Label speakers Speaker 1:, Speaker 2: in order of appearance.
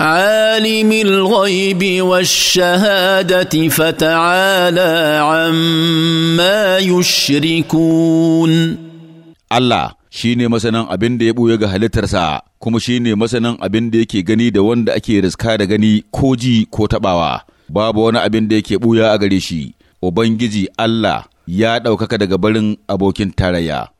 Speaker 1: عالم الغيب والشهاده فتعالى
Speaker 2: عما يشركون الله shine masanin abin da ya buya ga halittarsa kuma shine masanin abin da yake gani da wanda ake riska da gani ko ji ko taɓawa babu wani abin da yake ɓuya a gare shi ubangiji Allah ya ɗaukaka daga barin abokin tarayya